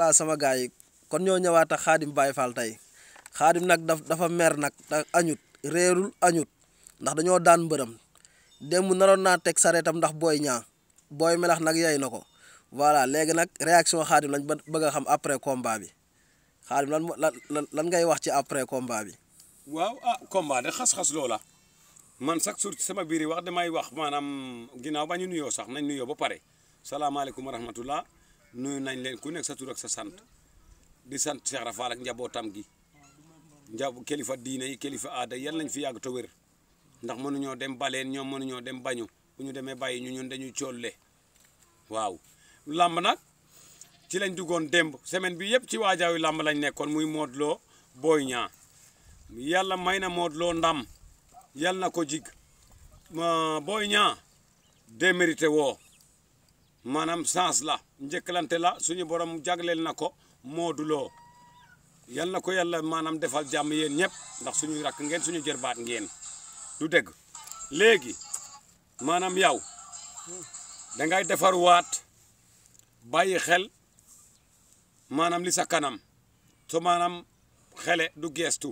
la sama gaay kon ñoo ñëwaata ak xaadim Baye Fall tey xaadim nag dafa mer nag te añut réerul añut ndax dañoo daan mbërëm démb naroon naa teg saretam ndax booy ñaa booy melax nag yey na ko voilà léegi nag réaction xaadim lañ bëgg a xam après combat bi xaadim lan lan lan ngay wax ci après combat bi. waaw ah combat de xas-xas loola man sax sur sama biir wax damay wax maanaam ginnaaw ba ñu nuyoo sax nañ nuyoo ba pare salaamaaleykum wa rahmatullah nuyu nañ leen ku nekk sa tur sa sant di sant Cheikh Rafal ak njabootam gi njab kilifa diine yi kilifa aada yan lañ fi yàgg te wér ndax mënuñoo dem baleen ñoom mënuñoo dem bañu bu ñu demee bàyyi ñu ñun dañuy coolle waaw. làmb nag ci lañ duggoon démb semaine bi yëpp ci waajaawi làmb lañ nekkoon muy Modou Lo Boy Niang yàlla may na Modou Lo ndam yàlla na ko jig Boy Niang démérité woo. maanaam chance la njëkkalante la suñu borom jagleel na ko Modou Lo yal na ko yàlla maanaam defal jàmm yéen ñëpp ndax suñuy rakk ngeen suñu jërbaat ngeen du dégg léegi maanaam yow dangay defar waat bàyyi xel maanaam li sa kanam so maanaam xele du geestu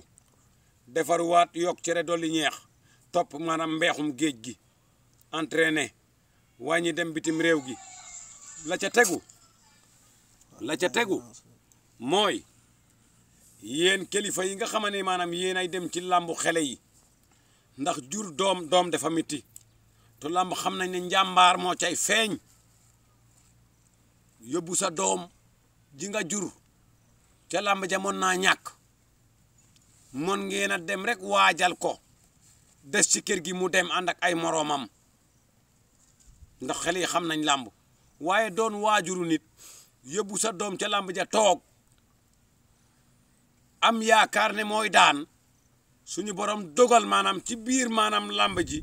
defar waat yokk cere dolli ñeex topp maanaam mbeexum géej gi entraîné wàññi dem bitim réew gi la ca tegu la ca tegu mooy yéen kilifa yi nga xama ne maanaam yéen ay dem ci làmbu xele yi ndax jur doom doom dafa metti te làmb xam nañ ne njàmbaar moo cay feeñ yóbbu sa doom ji nga jur ca làmb ja mën naa ñàkk mën ngeen a dem rek waajal ko des ci kër gi mu dem ànd ak ay moroomam ndax xel yi xam nañ làmb waaye doon waajuru nit yóbbu sa doom ca làmb ja toog am yaakaar ne mooy daan suñu borom dogal maanaam ci biir maanaam làmb ji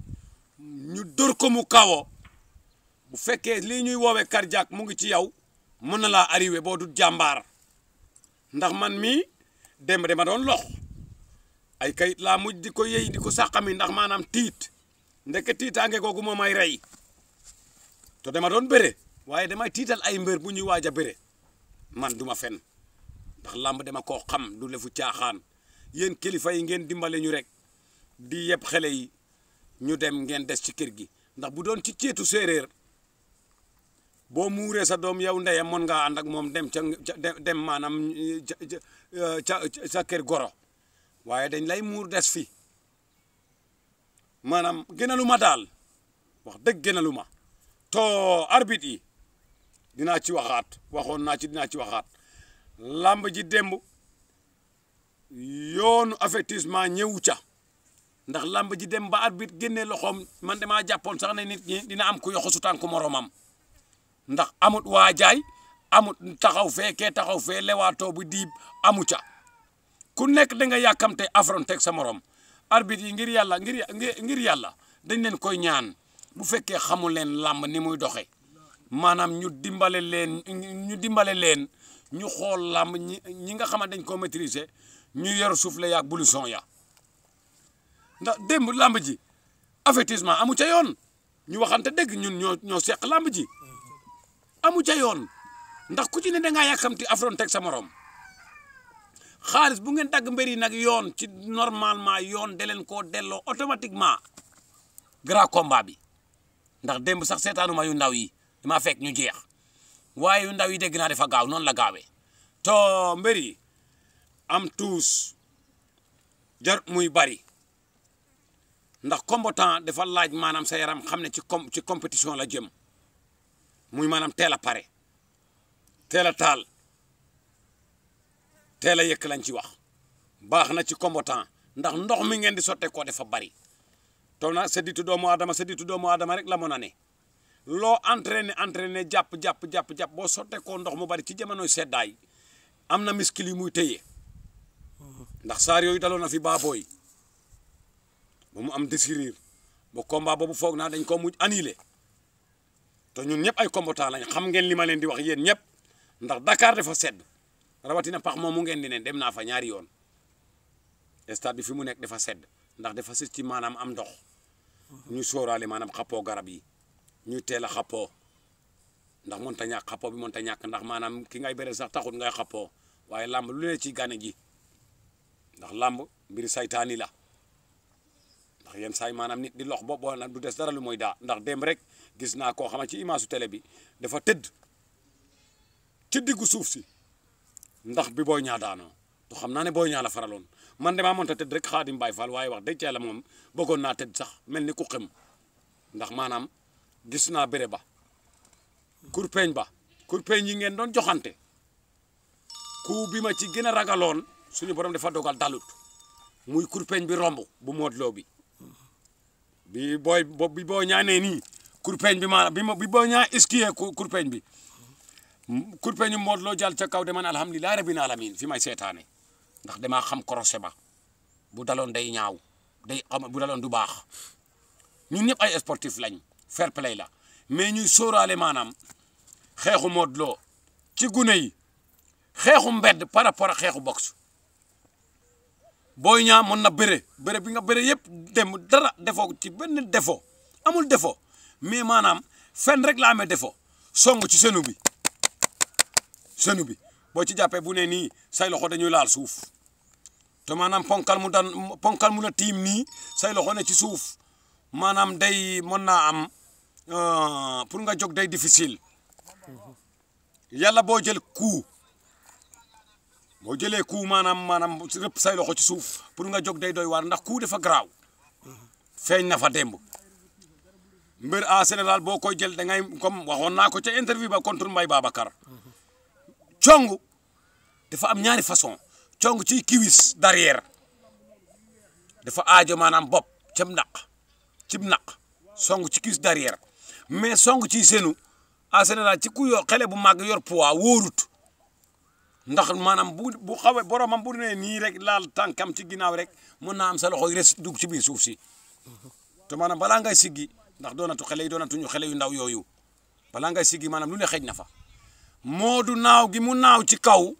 ñu dóor ko mu kawo bu fekkee lii ñuy woowee cardiaque mu ngi ci yow mën na laa arrivé boo du jàmbaar ndax man mi démb dama doon lox ay kayit laa mujj di ko yëy di ko sàqami ndax maanaam tiit ndeke tiitaange googu moo may rey te dama doon bëre waye dama tital ay mbeur bu ñuy waja béré man duma ma fen ndax lamb dama ko xam du lefu tiaxaan yeen kilifa yi ngeen dimbale ñu rek di yeb xale yi ñu dem ngeen dess ci kër gi ndax bu doon ci ceetu séeréer bo mouré sa dom yow ndey mon nga and ak mom dem dem manam sa kër goro waye dañ lay mour dess fi manam gënaluma dal wax dëgg gënaluma to arbitre dinaa ci waxaat waxoon naa ci dinaa ci waxaat làmb ji démb yoonu avertissement ñëwu ca ndax làmb ji dem ba arbitre génnee loxoom man damaa jàppoon sax ne nit ñi dina am ku ndax amut wajai, amut taxaw fee kee taxaw fee lewaatoo bu diib amu ca ku nekk da nga yàkkamte affronter sa morom arbitre yi ngir yàlla ya-, ngir ngir yàlla dañ leen koy ñaan bu leen ni muy manam ñu dimbale leen ñu dimbale leen ñu xool làmb ñi ñi nga xamante dañ koo maîtriser ñu yor soufflet yaak boulisson ya ndax démb làmb ji amu ca yoon ñu waxante dëgg ñun ñoo ñoo seq làmb ji amu ca yoon ndax ku ci ne da ngaa yàkkamti affronté ak sa morom xaalis bu ngeen dagg mbir yi nag yoon ci normalement yoon da leen koo delloo automatiquement grand combat bi ndax démb sax yu ndaw yi damaa fekk ñu jeex waaye yu ndaw yi dégg dafa gaaw noonu la gaawe too mbir yi am tuus jar muy bari ndax combattant dafa laaj maanaam sa yaram xam ne ci com ci compétition la jëm muy maanaam teel a pare teel a taal teel a yëkk lañ ci wax baax na ci combattant ndax ndox mi ngeen di sotte koo dafa bari to na sëdditu doomu aadama sëdditu doomu adama rek la mën a ne loo ne entraîné jàpp jàpp jàpp jàpp boo sottee koo ndox mu bari ci jamonoy seddaay am na miskil yi muy téye ndax saar yooyu daloon na fi baabooy ba mu am déchirir ba komba boobu foog naa dañ ko mujj annulé te ñun ñëpp ay combattant lañ xam ngeen li ma leen di wax yéen ñëpp ndax Dakar dafa sedd rawatina pax mu ngeen di ne dem naa fa ñaari yoon stade bi fi mu nekk dafa sedd ndax dafa sës ci maanaam am ndox ñu sóoraale maanaam xappoo garab yi. ñuy teel a xappoo ndax mën ta ñàkk xappoo bi mën ta ñàkk ndax maanaam ki ngay bere sax taxut ngay xappoo waaye làmb lu ne ci gane ji ndax làmb mbiri saytaani la ndax yenn saay maanaam ni di lox bo boo na du des dara lu mooy daa ndax dem rek gis na koo xamante ci image su télé bi dafa tëdd ci diggu suuf si ndax bi booy ñaa daanoo to xam naa ne booy ñaa la faraloon man damaa mënta tëdd rek xaadim Baay Faal waaye wax dëgg yàlla moom bëggoon naa tëdd sax mel ni ku xam ndax maanaam gis naa bere ba kurpeñ ba kurpeñ yi ngeen doon joxante ku bi ma ci gën a ragaloon suñu borom dafa dogal dalut muy kurpeñ bi romb bu moodloo bi bi booy bi boo ñaanee nii kurpeñ bi maanaam bi ma bi boo ñaa iskiyee kurpeñ bi kurpeñu loo jàll ca kaw de man alhamdulilah rabbil alamin fi may seetaane ndax damaa xam korosé ba bu daloon day ñaaw day xam bu daloon du baax ñun ñëpp ay sportif lañ fair play la mais ñuy sóoraale maanaam xeexu Modou Lo ci gune yi xeexu mbedd par rapport ak xeexu box Boy Niang mën na bëre bëre bi nga bëre yëpp dem dara defoo ci benn défaut amul défaut mais maanaam fenn rek la amee défaut song ci senu bi senu bi boo ci jàppee bu ne nii say loxo dañuy laal suuf te maanaam ponkal mu daan ponkal mu la tiim nii say loxo ne ci suuf maanaam day mën naa am Euh, pour nga jóg day difficile yàlla boo jël ku boo jëlee coup maanaam maanaam rëpp say loxo ci suuf pour nga jog day doy waar ndax ku dafa garaaw feeñ na fa démb mbir en général boo koy jël da ngay comme waxoon naa ko ca interview ba contre Mbaye Babacar cong dafa am ñaari façon cong ci kiwis derrière dafa aajo maanaam bopp cam naq ci naq song ci kiwis derrière mais song ci senu a général ci ku yo xele bu mag yor poids worut ndax manam bu xawé xawee boromam bu ne ni rek lal tankam ci ginaaw rek mën na am sa loxo res dug ci nyu suuf ci to manam bala ngay sigi ndax yi ñu xele yu ndaw yoyu bala ngay sigi manam lu ne xej na fa naw naaw gi mu naw ci kaw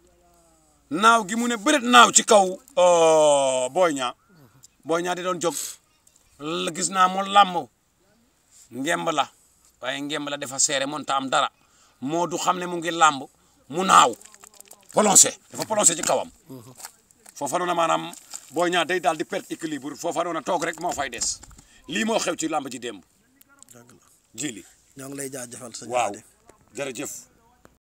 naw gi mu ne bëreet naw ci kaw oh boyña boyña di donjok. jog gis na mo lamb ngemb la waaye ngemb la dafa seere mën ta am dara moo du xam ne mu ngi làmb mu naaw poloncé dafa poloncé ci kawam foofa noona maanaam Boy Niang day daal di perte équilibre foofa a toog rek moo fay des lii moo xew ci làmb ji démb jili ñoo ngi lay jaajëfal sa waaw jërëjëf